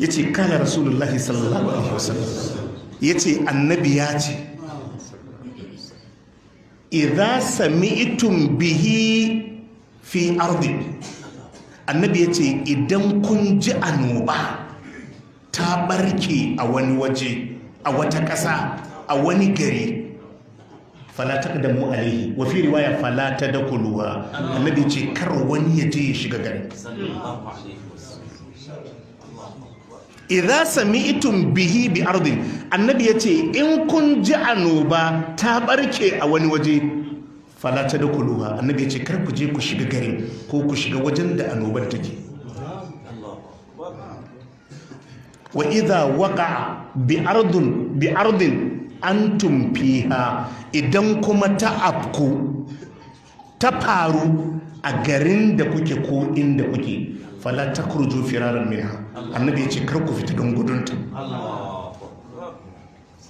ya ce kala rasulullahi sallallahu alaihi wasallam ya ce annabi ya ce idza sami'tum bihi fi ardi annabi ya ce idan kun ji annoba ta barke a wani waje a wata ƙasa a wani gari fala ta da mu alaihi wa fi riwaya fala ta da kuluwa annabi ce kar wani ya je ya shiga garin idza sami'tum bihi bi ardin annabi yace in kun ji annoba ta barke a wani waje fala ta dukuluha annabi yace kar ku je ku shiga garin ko ku shiga wajen da annobar take wa idza waqa'a bi ardun bi ardin antum fiha idan kuma ta afku ta faru a garin da kuke ko inda kuke fala takruju firaran minha annabi yace kar ku fita don gudunta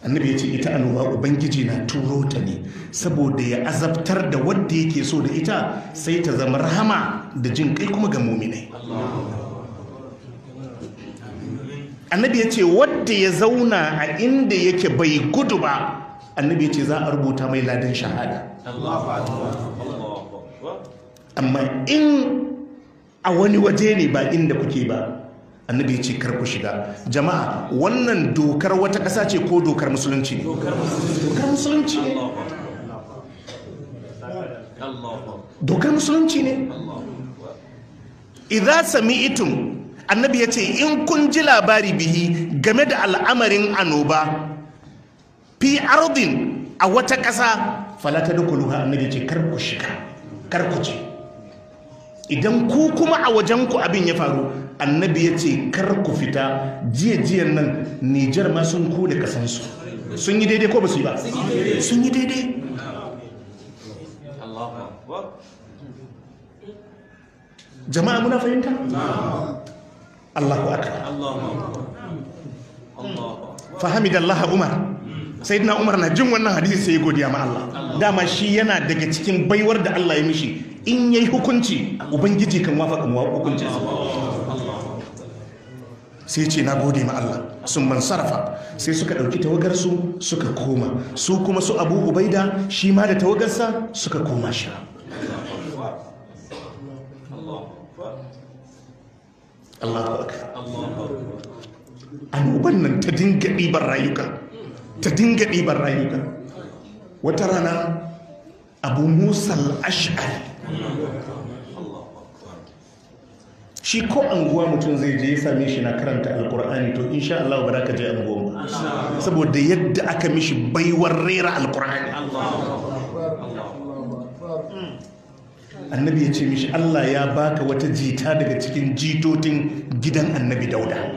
annabi yace ita annoba ubangiji na turo ta ne saboda ya azabtar da wanda yake so da ita sai ta zama rahama da jin kai kuma ga mu'minai annabi ya ce wadda ya zauna a inda yake bai gudu ba annabi ya ce za a rubuta mai ladan shahada amma in a wani waje ne ba inda kuke ba annabi ce kar ku shiga jama'a wannan dokar wata ƙasa ce ko dokar musulunci ne dokar musulunci ne dokar musulunci ne idza sami'tum annabi ya ce in kun ji labari bihi game da al'amarin anoba fi ardin a wata ƙasa falata da kuluha annabi ce kar ku shiga kar ku ce idan ku kuma a wajen ku abin ya faru annabi ya ce kar ku fita jiya-jiya nan nijar ma sun da kasansu sun yi daidai ko ba su yi ba sun yi daidai jama'a muna fahimta allahu akbar fahimidallaha umar sayyidina umar na jin wannan hadisi sai godiya ma Allah dama shi yana daga cikin baiwar da Allah ya mishi in yi hukunci ubangiji kan wafa kan hukunci sai ce na gode ma Allah sun man sarrafa sai suka ɗauki tawagarsu suka koma su kuma su abu ubaida shi ma da tawagarsa suka koma shi Allah annoban nan ta dinga ɗiban rayuka ta dinga ɗiban rayuka wata rana abu musa ash'ari shi ko anguwa mutum zai je ya same shi na karanta alkur'ani to insha Allah ba ka je anguwa ba saboda yadda aka mishi baiwar rera alkur'ani annabi ya ce mishi Allah ya baka wata jita daga cikin jitotin gidan annabi dauda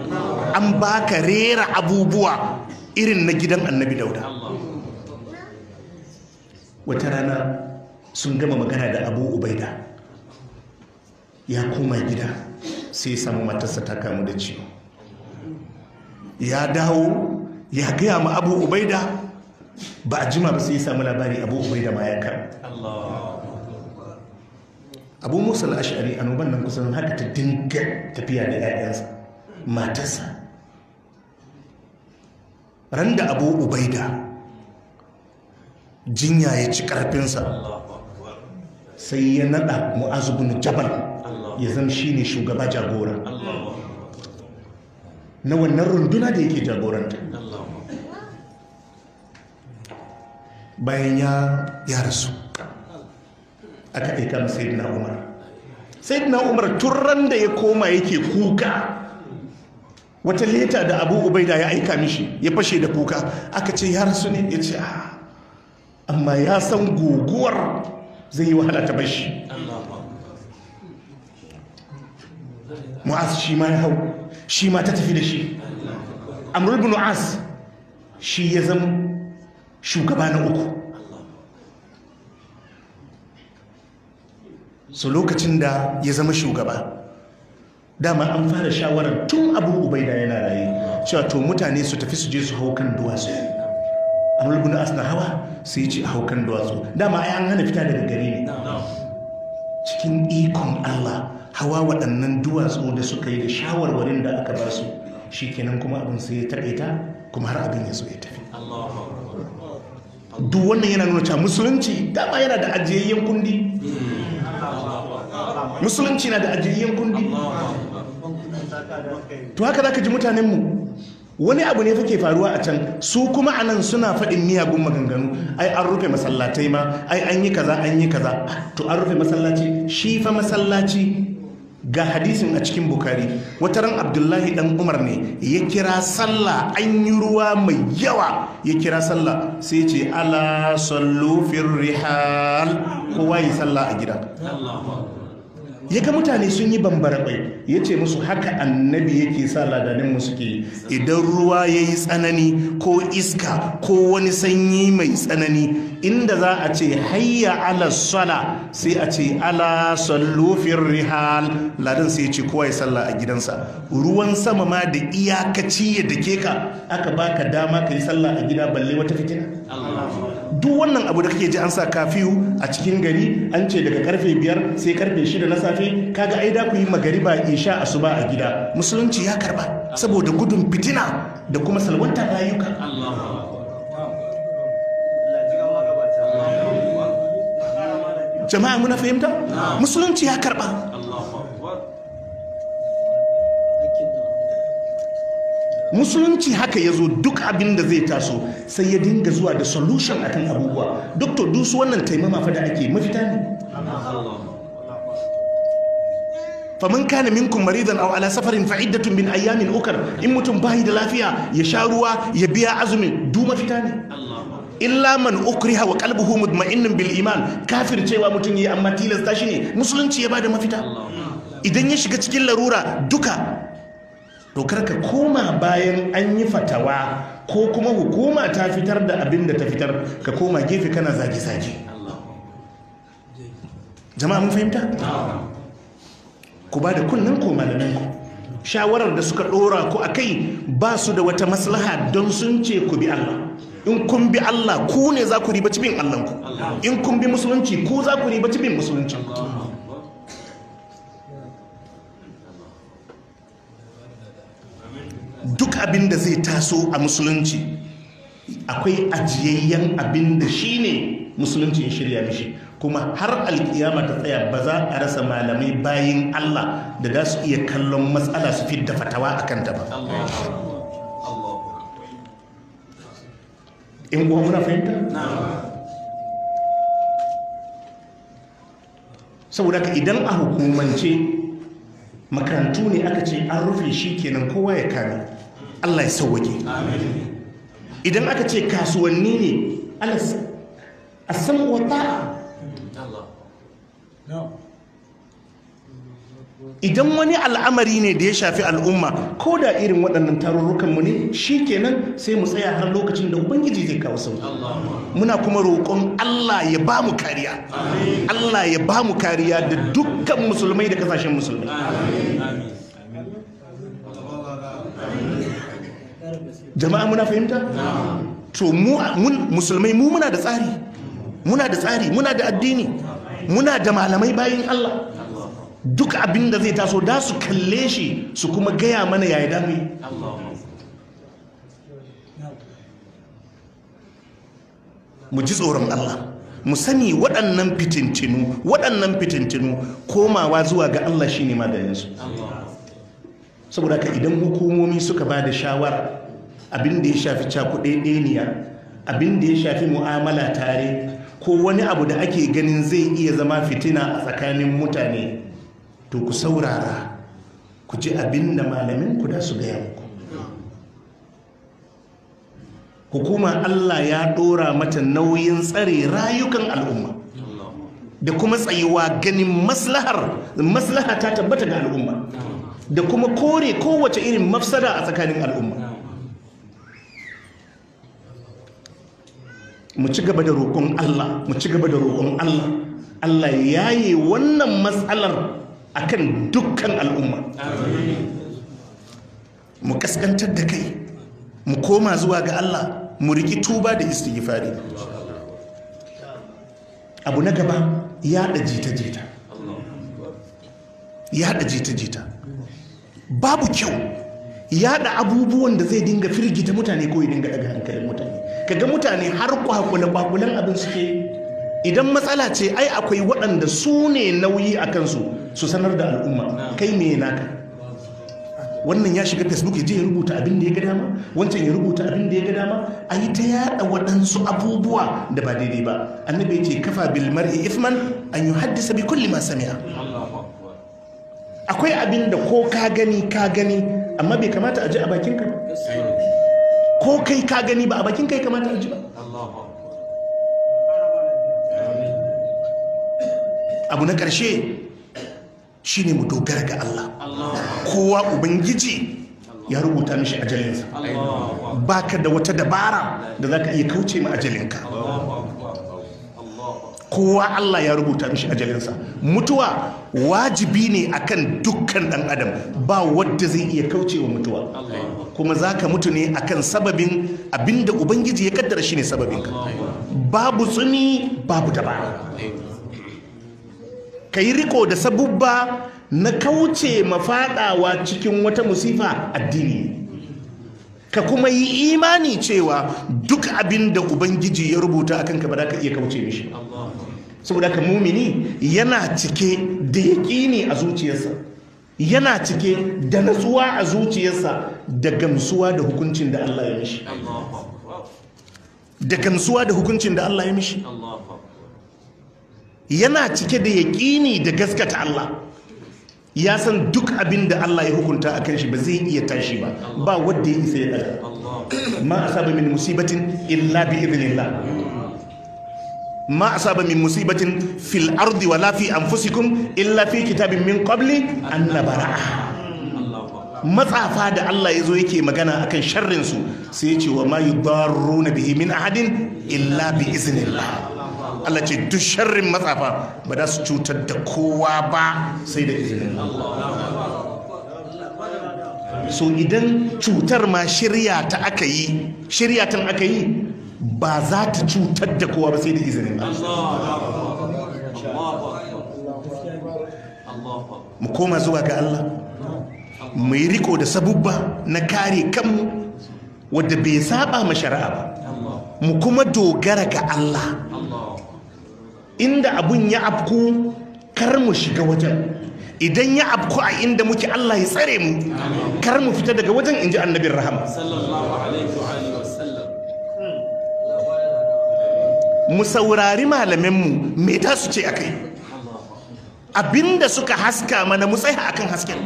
an baka rera abubuwa irin na gidan annabi dauda wata rana sun gama magana da abu ubaida ya koma gida sai samu matarsa ta kamu da ciwo ya dawo ya gaya ma abu ubaida ba a jima ba sai ya samu labari abu ubaida ma ya kamu abu musa al'ashari annoban nan kusan haka ta dinga tafiya da 'ya'yansa matarsa randa abu ubaida jinya ya ci ƙarfinsa sai ya naɗa mu'azubin jabal ya zama ne shugaba jagora na wannan runduna da yake jagoranta bayan ya rasu aka aika masa sayyidina umar sayyidina umar turan da ya koma yake kuka wata leta da abu ubaida ya aika mishi ya fashe da kuka aka ce ya rasu ne ya ce ah, amma ya san guguwar zai yi wahala ta bashi mu'az shi ma ya hau shi ma ta tafi da shi amr ibn shi ya zama shugaba na uku Su lokacin da ya zama shugaba dama an fara shawarar tun abu ubaida yana raye cewa to mutane su tafi su je su hau kan duwatsu amr ibn as na hawa sai ce a haukan duwatsu dama ai an hana fita daga gari ne cikin ikon Allah hawa waɗannan duwatsu da suka yi da shawarwarin da aka ba su shikenan kuma abin sai ya taƙaita kuma har abin ya so ya tafi duk wannan yana nuna cewa musulunci dama yana da ajiyayyen kundi musulunci na da ajiyayyen kundi to haka zaka ji mutanen mu. wani abu ne ke faruwa a can su kuma a nan suna faɗin miyagun maganganu ai an rufe masallatai ma ai an yi kaza an yi kaza to an rufe masallaci shi fa masallaci ga hadisin a cikin bukari wata ran abdullahi dan umar ne ya kira sallah an yi ruwa mai yawa ya kira sallah sai ce ala sallu rihal kowa yi sallah a gida ya ga mutane sun yi bambara bai ya ce musu haka annabi yake sa ladanin mu suke idan ruwa ya yi tsanani ko iska ko wani sanyi mai tsanani inda za a ce hayya ala sala sai a ce ala sallufin rihal ladan sai ya ce kowa ya salla a gidansa ruwan sama ma da iyakaci ya dake ka aka baka dama ka yi sallah a gida balle wata fitina duk wannan abu da kake ji an sa kafiyu a cikin gari an ce daga karfe biyar sai karfe shida na safe kaga ai da ku yi magariba isha asuba a gida musulunci ya karba saboda gudun fitina da kuma salwantar rayuka jama'a muna fahimta musulunci ya karba musulunci haka ya zo duk abin da zai taso sai ya dinga zuwa da solution kan abubuwa doktor dusu wannan taimama fa ake mafita ne faman kana minkum maridan au ala safarin fa'idatun bin ayyamin ukar in mutum bayi da lafiya ya sha ruwa ya biya azumin du mafita ne illa man ukriha wa kalbuhu mutma'innin bil iman kafir cewa mutum yi amma tilasta shi ne musulunci ya bada mafita idan ya shiga cikin larura duka to ka koma bayan an yi fatawa ko kuma hukuma ta fitar da abin da ta fitar ka koma gefe kana zage-zage jama'a mun fahimta? ku ba da kunnen ko shawarar da suka ɗora ku a kai ba su da wata maslaha don sun ce ku bi Allah in kun bi Allah ku ne za ku riba cibin Allahnku in kun bi musulunci ku za ku riba cibin musulunci duk abin da zai taso a musulunci akwai ajiyayyen abin da shi ne musulunci ya shirya mishi kuma har alkiyama ta tsaya ba za a rasa malamai bayin Allah da za su iya kallon matsala su fi da fatawa a kanta ba. In kuwa muna fahimta? Saboda ka idan a hukumance makarantu ne aka ce an rufe shi kenan kowa ya kame. Allah ya sauwake idan aka ce kasuwanni ne a san wata idan wani al'amari ne da ya shafi al'umma ko da irin waɗannan tarurrukanmu ne shi kenan sai mu tsaya har lokacin da ubangiji zai kawo sau muna kuma roƙon allah ya ba mu kariya allah ya ba mu kariya da dukkan musulmai da kasashen musulmai jama'a muna fahimta to musulmai mu muna da tsari muna da tsari muna da addini muna da malamai bayan Allah duk abin da zai taso da su kalle shi su kuma gaya mana yaya dami mu ji tsoron Allah mu sani waɗannan fitintinu waɗannan fitintinu komawa zuwa ga Allah shi shine maganinsu saboda ka idan hukumomi suka ba da shawara abin da ya shafi ɗeniya abin da ya shafi mu'amala tare ko wani abu da ake ganin zai iya zama fitina a tsakanin mutane to ku saurara ku ji abin da malamin ku da su gaya muku hukuma Allah ya ɗora mata nauyin tsare rayukan al'umma da kuma tsayuwa ganin maslahar maslaha ta tabbata ga al'umma da kuma kore kowace irin mafsada a tsakanin al'umma mu ci gaba da roƙon Allah mu ci gaba da roƙon Allah Allah ya yi wannan matsalar a kan dukkan al'umma mu kaskantar da kai mu koma zuwa ga Allah mu riki tuba da istighfari abu na gaba da jita-jita da jita-jita babu kyau ya yaɗa abubuwan da zai dinga firgita mutane ko ya dinga daga hankalin mutane Ka ga mutane har kwakule-kwakulen abin suke idan matsala ce ai akwai waɗanda su ne nauyi a kansu su sanar da al'umma kai me naka wannan ya shiga facebook ya je ya rubuta abin da ya ga dama wancan ya rubuta abin da ya ga dama a yi ta yada waɗansu abubuwa da ba daidai ba annabi ce kafa bilmar mar'i ifman an haddisa bi kulli ma sami'a akwai abin da ko ka gani ka gani amma bai kamata a ji a bakinka ko kai ka gani ba a bakin kai kamata a ji ba abu na ƙarshe ne mu dogara ga Allah kowa ubangiji ya rubuta mishi ajalinsa ba ka da wata dabara da za ka iya kauce ma ajalinka kowa Allah ya rubuta mishi ajalinsa mutuwa wajibi ne akan dukkan dan adam ba wadda zai iya kaucewa mutuwa kuma zaka mutu ne akan sababin abinda ubangiji ya kaddara shine sababin ka babu tsuni babu dabara kai riko da sabubba na kauce mafadawa cikin wata musifa addini ka kuma yi imani cewa duk abin da ubangiji ya rubuta a kanka ba za ka iya kauce mishi saboda ka mumini yana cike da yaƙini a zuciyarsa yana cike da natsuwa a zuciyarsa da gamsuwa da hukuncin da Allah ya mishi da gamsuwa da hukuncin da Allah ya mishi yana cike da yaƙini da gaskata Allah ya san duk abin da Allah ya hukunta a kan shi ba zai iya tashi ba ba wadda ya isa ya ɗaga ma a saba min musibatin illa bi idnillah ma a saba min musibatin fil ardi lafi an fusikun illa fi kitabin min qabli an labara matsafa da Allah ya zo yake magana akan sharrinsu sai cewa ce wa ma yudarruna bihi min ahadin illa bi iznillah Allah ce duk sharrin matsafa ba za su cutar da kowa ba sai da izinin so idan cutar ma shirya ta aka yi shirya ta aka yi ba za ta cutar da kowa ba sai da izinin mu koma zuwa ga Allah mu yi riko da sabubba na kare kanmu wadda bai saba ma shari'a ba mu kuma dogara ga Allah inda abun ya abku kar mu shiga wajen idan ya abku a inda muke Allah ya tsare mu kar mu fita daga wajen inji annabin rahama hmm. mu saurari malamanmu me ta su ce a kai, abinda suka haska mana mu tsaya akan hasken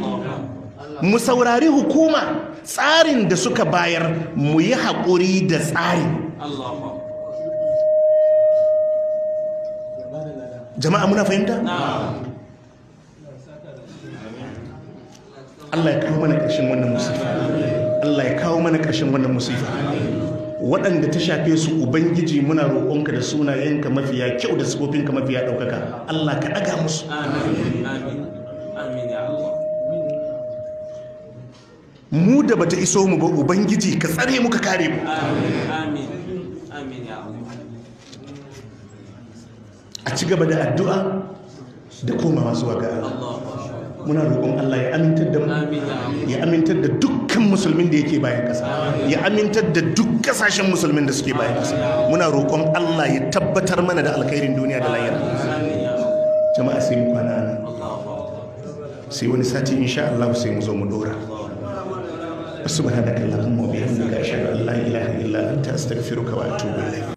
mu saurari hukuma tsarin da suka bayar mu yi haƙuri da tsari jama'a muna fahimta Allah ya kawo mana ƙarshen wannan musifa Allah ya kawo mana ƙarshen wannan musifa waɗanda ta shafe su ubangiji muna roƙonka da sunayenka mafiya kyau da sukofinka mafiya ɗaukaka Allah ka ɗaga musu mu da bata iso mu ba ubangiji ka tsare mu ka kare mu ci gaba da addu'a da komawa zuwa waga muna roƙon Allah ya amintar da ya amintar da dukkan musulmin da yake bayan ƙasa ya amintar da duk ƙasashen musulmin da suke bayan ƙasa muna roƙon Allah ya tabbatar mana da alkhairin duniya da layar jama'a sai mu kwana nan sai wani sati insha Allah sai mu zo mu dora subhanaka allahumma wa bihamdika ashhadu an la ilaha illa anta astaghfiruka wa atubu ilayk